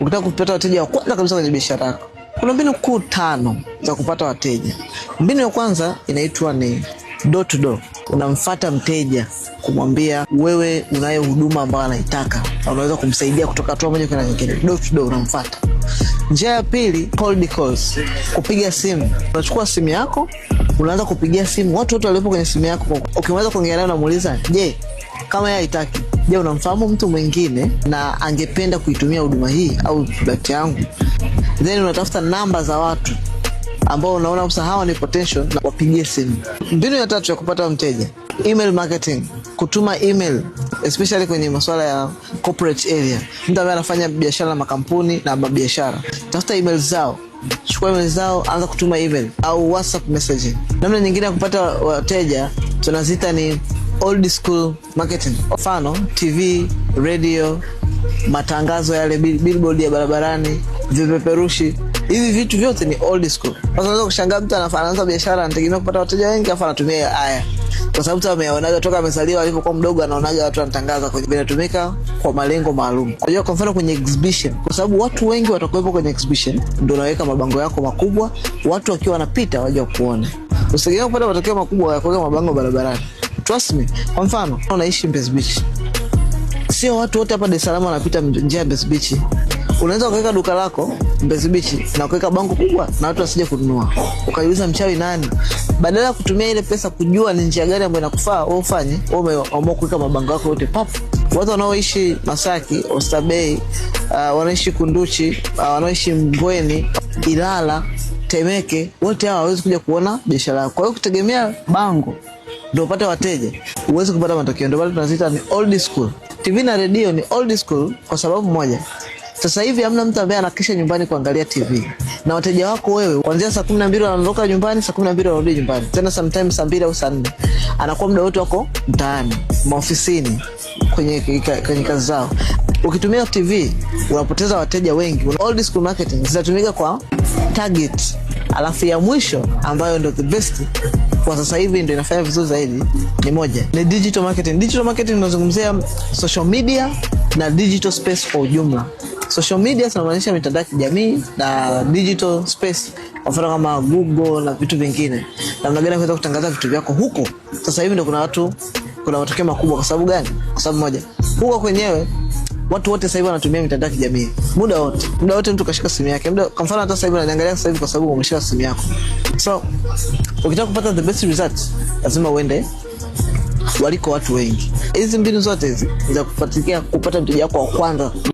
Ukitaka kupata wateja wa kwanza kabisa kwenye biashara yako, kuna mbinu kuu tano za kupata wateja. Mbinu ya kwanza inaitwa ni door to door. Unamfata mteja kumwambia wewe unayo huduma ambayo anaitaka, unaweza kumsaidia kutoka hatua moja kwenda nyingine. Door to door, unamfata. Njia ya pili, cold calls, kupiga simu. Unachukua simu yako, unaanza kupigia simu watu wote waliopo kwenye simu yako. Ukimaliza kuongea naye, unamuuliza je, kama yeye haitaki Je, unamfahamu mtu mwingine na angependa kuitumia huduma hii au product yangu? Then unatafuta namba za watu ambao unaona kabisa hawa ni potential na wapigie simu. Mbinu ya tatu ya kupata mteja, email marketing, kutuma email especially kwenye masuala ya corporate area. Mtu ambaye anafanya biashara na makampuni na mabiashara, tafuta email zao, chukua email zao, anza kutuma email au WhatsApp messaging. Namna nyingine ya kupata wateja tunazita ni old school marketing, mfano TV, radio, matangazo yale, billboard ya barabarani, vipeperushi hivi vitu vyote ni old school. Sasa unaweza kushangaa mtu anafananza biashara anategemea kupata wateja wengi, afa anatumia haya kwa sababu tu ameonaga toka amezaliwa alipokuwa mdogo, anaonaga watu wanatangaza kwenye, vinatumika kwa malengo maalum. Kwa hiyo kwa mfano kwenye exhibition, kwa sababu watu wengi watakuwepo kwenye exhibition, ndo unaweka mabango yako makubwa, watu wakiwa wanapita waje kuona. Usitegemea kupata matokeo makubwa ya kuweka mabango barabarani trust me. Kwa mfano, unaishi Mbezi Beach, sio watu wote hapa Dar es Salaam wanapita njia ya Mbezi Beach. Unaweza ukaweka duka lako Mbezi Beach na ukaweka bango kubwa na watu wasije kununua, ukajiuliza mchawi nani? Badala ya kutumia ile pesa kujua ni njia gani ambayo inakufaa wewe ufanye, wewe umeamua kuweka mabango yako yote papo. Watu wanaoishi Masaki, Oysterbay, uh, wanaishi Kunduchi, uh, wanaoishi Mbweni, Ilala, Temeke, wote hawa hawawezi kuja kuona biashara yako. Kwa hiyo kutegemea bango ndio upate wateja, uweze kupata matokeo. Ndio maana tunaziita ni old school. TV na redio ni old school kwa sababu moja, sasa hivi hamna mtu ambaye anakisha nyumbani kuangalia TV na wateja wako wewe, kuanzia saa kumi na mbili wanaondoka nyumbani, saa kumi na mbili wanarudi nyumbani tena, sometimes saa mbili au saa nne anakuwa muda wote wako mtaani, maofisini, kwenye, kwenye kazi zao. Ukitumia TV unapoteza wateja wengi. Old school marketing zinatumika kwa target alafu ya mwisho ambayo ndo the best kwa sasa hivi ndo inafanya vizuri zaidi ni moja ni digital marketing. Digital marketing inazungumzia social media na digital space kwa ujumla. Social media tunamaanisha mitandao ya kijamii na digital space, kwa mfano kama Google na vitu vingine, namna gani kuweza kutangaza vitu vyako huko. Sasa hivi ndo kuna watu, kuna matokeo makubwa. Kwa sababu gani? Kwa sababu moja, huko kwenyewe Watu wote sasa hivi wanatumia mitandao ya kijamii muda wote, muda wote mtu kashika simu yake muda. Kwa mfano hata sasa hivi unaniangalia sasa hivi kwa sababu umeshika simu yako. So ukitaka kupata the best result, lazima uende waliko watu wengi. Hizi mbinu zote hizi za kufuatilia kupata mteja wako wa kwanza.